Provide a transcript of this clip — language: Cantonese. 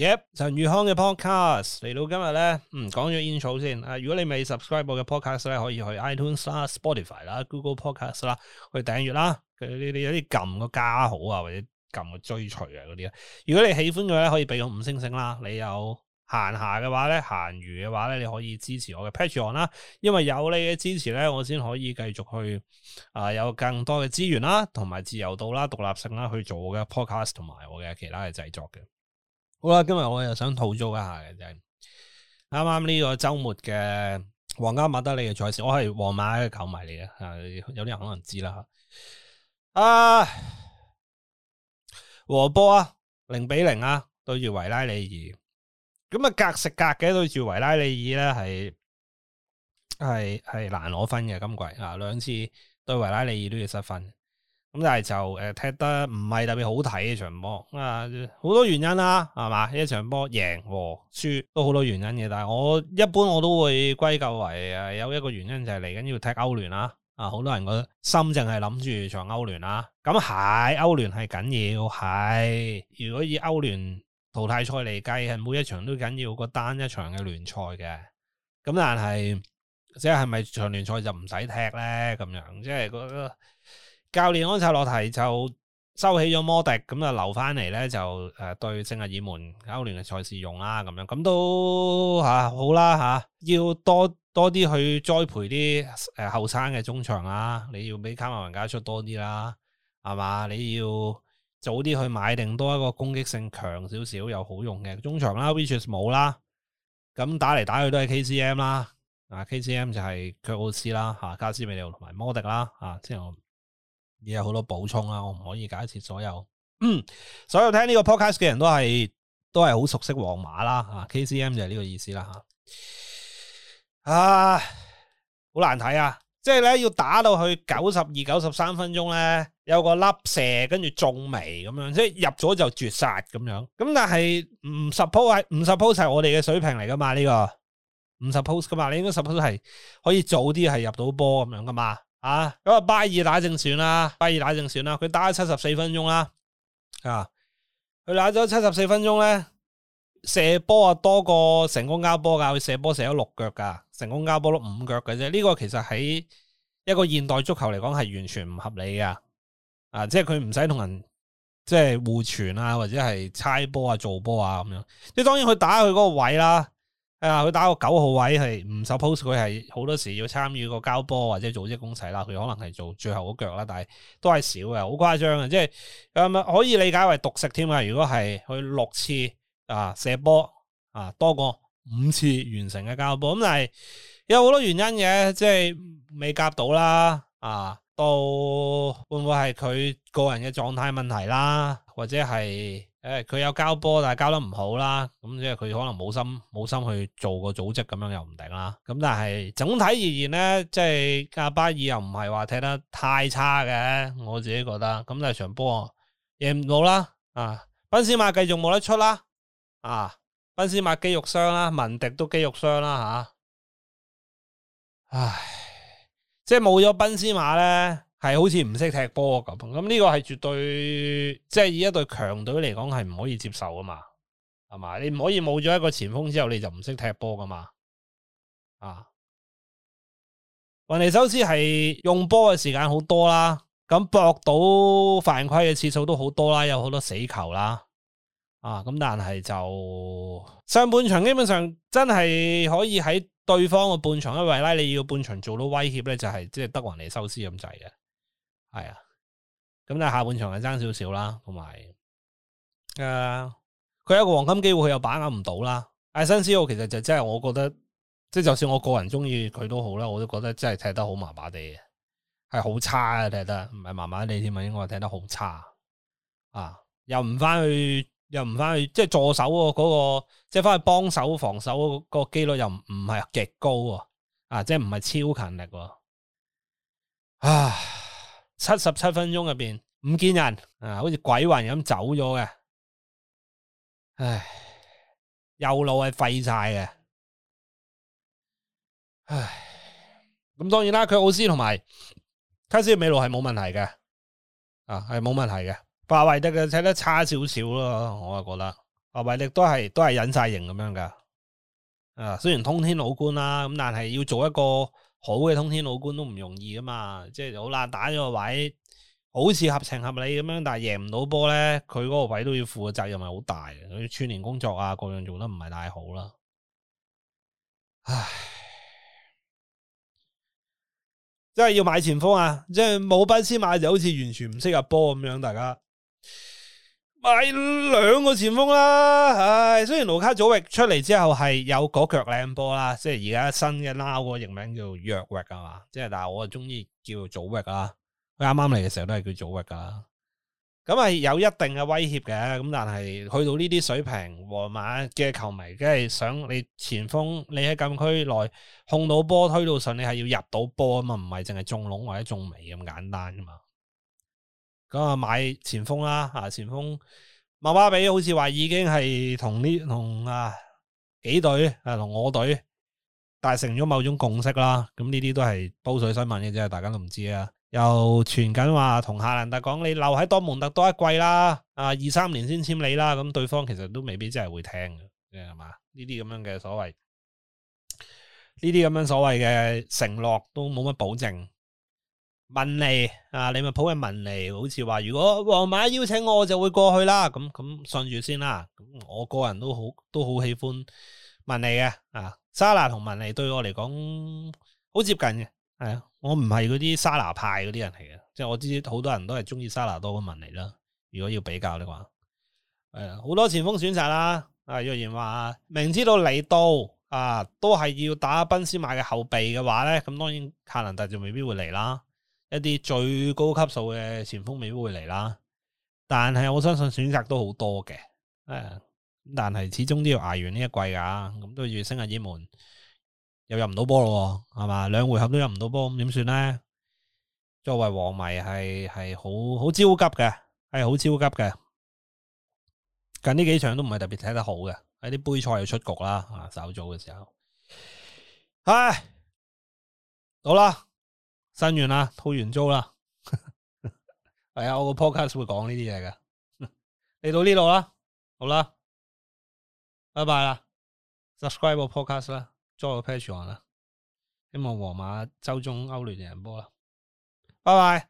Yep，耶！陳宇、yeah, 康嘅 podcast 嚟到今日咧，講咗 intro 先。啊，如果你未 subscribe 我嘅 podcast 咧，可以去 iTunes 啦、Spotify 啦、Google Podcast 啦，去訂閱啦。你你有啲撳個加號啊，或者撳個追隨啊嗰啲啊。如果你喜歡嘅咧，可以俾我五星星啦。你有閒暇嘅話咧，閒餘嘅話咧，你可以支持我嘅 patreon 啦。因為有你嘅支持咧，我先可以繼續去啊、呃，有更多嘅資源啦，同埋自由度啦、獨立性啦，去做我嘅 podcast 同埋我嘅其他嘅製作嘅。好啦，今日我又想吐槽一下嘅，就係啱啱呢個周末嘅皇家馬德里嘅賽事，我係皇馬嘅球迷嚟嘅，吓有啲人可能知啦吓。啊，和波啊，零比零啊，對住維拉利爾，咁啊隔食隔嘅對住維拉利爾咧，係係係難攞分嘅今季啊，兩次對維拉利爾都要失分。咁但係就誒、呃、踢得唔係特別好睇嘅場波啊，好多原因啦、啊，係嘛？一場波贏和輸都好多原因嘅，但係我一般我都會歸咎為誒、啊、有一個原因就係嚟緊要踢歐聯啦，啊，好多人個心淨係諗住場歐聯啦。咁係歐聯係緊要，係、啊、如果以歐聯淘汰賽嚟計，係每一場都緊要個單一場嘅聯賽嘅。咁、啊、但係即係係咪場聯賽就唔使踢咧？咁樣即係嗰。呃教練安察洛提就收起咗摩迪，咁啊留翻嚟咧就誒、呃、對聖日耳門歐聯嘅賽事用啦，咁樣咁都吓、啊、好啦吓、啊，要多多啲去栽培啲誒、呃、後生嘅中場啊，你要俾卡馬文加出多啲啦，係嘛，你要早啲去買定多一個攻擊性強少少又好用嘅中場啦，韋切斯冇啦，咁、啊、打嚟打去都係 K C M 啦，啊 K C M 就係腳奧斯啦，吓、啊、加斯美奧同埋摩迪啦，啊之後。有好多補充啦，我唔可以解釋所有。 所有聽呢個 podcast 嘅人都係都係好熟悉皇馬啦。啊，KCM 就係呢個意思啦。吓，好、 啊、難睇啊！即係咧要打到去九十二、九十三分鐘咧，有個粒射跟住中眉咁樣，即係入咗就絕殺咁樣。咁但係唔 suppose 唔 suppose 係我哋嘅水平嚟噶嘛？呢、這個唔 suppose 噶嘛？你應該 suppose 係可以早啲係入到波咁樣噶嘛？啊，咁啊巴爾打正選啦，啊，巴爾打正選啦，啊，佢打咗七十四分鐘啦，啊，啊，佢打咗七十四分鐘咧，射波啊多過成功交波噶，佢射波射咗六腳噶，成功交波都五腳嘅啫，呢、這個其實喺一個現代足球嚟講係完全唔合理噶，啊，即係佢唔使同人即係互傳啊，或者係猜波啊、做波啊咁樣，即係當然佢打佢嗰個位啦，啊。係啊，佢打個九號位係唔 suppose 佢係好多時要參與個交波或者組織攻勢啦，佢可能係做最後嗰腳啦，但係都係少嘅，好誇張嘅，即係咁啊，可以理解為毒食添啊。如果係佢六次啊射波啊多過五次完成嘅交波，咁但係有好多原因嘅，即係未夾到啦，啊，到會唔會係佢個人嘅狀態問題啦，或者係？誒，佢、欸、有交波，但係交得唔好啦，咁即係佢可能冇心冇心去做個組織，咁樣又唔定啦。咁但係整體而言咧，即係阿巴爾又唔係話踢得太差嘅，我自己覺得。咁但係場波贏唔到啦，啊，賓斯馬繼續冇得出啦，啊，賓斯馬肌肉傷啦，文迪都肌肉傷啦，吓、啊，唉，即係冇咗賓斯馬咧。係好似唔識踢波咁，咁呢個係絕對即係、就是、以一隊強隊嚟講，係唔可以接受噶嘛，係嘛？你唔可以冇咗一個前鋒之後，你就唔識踢波噶嘛？啊，雲尼修斯係用波嘅時間好多啦，咁搏到犯規嘅次數都好多啦，有好多死球啦，啊，咁但係就上半場基本上真係可以喺對方嘅半場，因為咧你要半場做到威脅咧，就係即係德雲尼修斯咁滯嘅。係啊，咁但係下半場係爭少少啦，同埋，誒、呃，佢有一個黃金機會，佢又把握唔到啦。艾辛斯奧其實就真係我覺得，即係就算我個人中意佢都好啦，我都覺得真係踢得好麻麻地嘅，係好差啊，踢得，唔係麻麻地添啊，應該係踢得好差啊，又唔翻去，又唔翻去，即係助手嗰個，即係翻去幫手防守嗰個機率又唔唔係極高啊，即係唔係超勤力啊。七十七分鐘入邊唔見人啊，好似鬼魂咁走咗嘅，唉，右路係廢晒嘅，唉，咁、嗯、當然啦，佢奧斯同埋卡斯美路係冇問題嘅，啊係冇問題嘅，華為迪嘅睇得差少少咯，我啊覺得華為迪都係都係隱晒形咁樣噶，啊雖然通天老官啦，咁但係要做一個。好嘅通天老官都唔容易噶嘛，即係好難打咗個位，好似合情合理咁樣，但係贏唔到波咧，佢嗰個位都要負嘅責任，係好大嘅。佢串聯工作啊，各樣做得唔係太好啦。唉，真係要買前鋒啊，即係冇班先買，就好似完全唔識入波咁樣，大家。買兩個前鋒啦，唉、哎，雖然盧卡祖域出嚟之後係有嗰腳靚波啦，即係而家新嘅 Now 個譯名叫做約域啊嘛，即係但係我啊中意叫祖域啊，佢啱啱嚟嘅時候都係叫祖域噶。咁係有一定嘅威脅嘅，咁但係去到呢啲水平，皇馬嘅球迷梗係想你前鋒你喺禁區內控到波，推到上，你係要入到波啊嘛，唔係淨係中籠或者中楣咁簡單噶嘛。咁啊，買前鋒啦，啊前鋒馬巴比好似話已經係同呢同啊幾隊，誒同我隊達成咗某種共識啦。咁呢啲都係煲水新聞嘅啫，大家都唔知啊。又傳緊話同夏蘭特講，你留喺多蒙特多一季啦，啊二三年先簽你啦。咁、啊、對方其實都未必真係會聽嘅，係嘛？呢啲咁樣嘅所謂，呢啲咁樣所謂嘅承諾都冇乜保證。文尼，啊，利物浦嘅文尼好似話，如果皇馬邀請我，我就會過去啦。咁咁信住先啦。咁我個人都好都好喜歡文尼嘅啊。沙拿同文尼對我嚟講好接近嘅，係、哎、啊，我唔係嗰啲莎拿派嗰啲人嚟嘅，即係我知好多人都係中意莎拿多嘅文尼啦。如果要比較嘅話，係、哎、好多前鋒選擇啦。啊，若然話明知道嚟到啊都係要打賓斯馬嘅後備嘅話咧，咁當然卡蘭特就未必會嚟啦。一啲最高級數嘅前鋒未必會嚟啦，但係我相信選擇都好多嘅，誒、哎，但係始終都要挨完呢一季噶，咁對住聖日耳門又入唔到波咯，係嘛，兩回合都入唔到波，咁點算咧？作為皇迷係係好好焦急嘅，係好焦急嘅。近呢幾場都唔係特別睇得好嘅，喺啲杯賽要出局啦，啊稍早嘅時候，唉、哎，好啦。真完啦，吐完租啦，係啊，我個 podcast 會講呢啲嘢嘅。嚟到呢度啦，好啦，拜拜啦，subscribe 個 podcast 啦，join 個 Patreon 啦，希望皇馬、周中歐聯贏波啦，拜拜。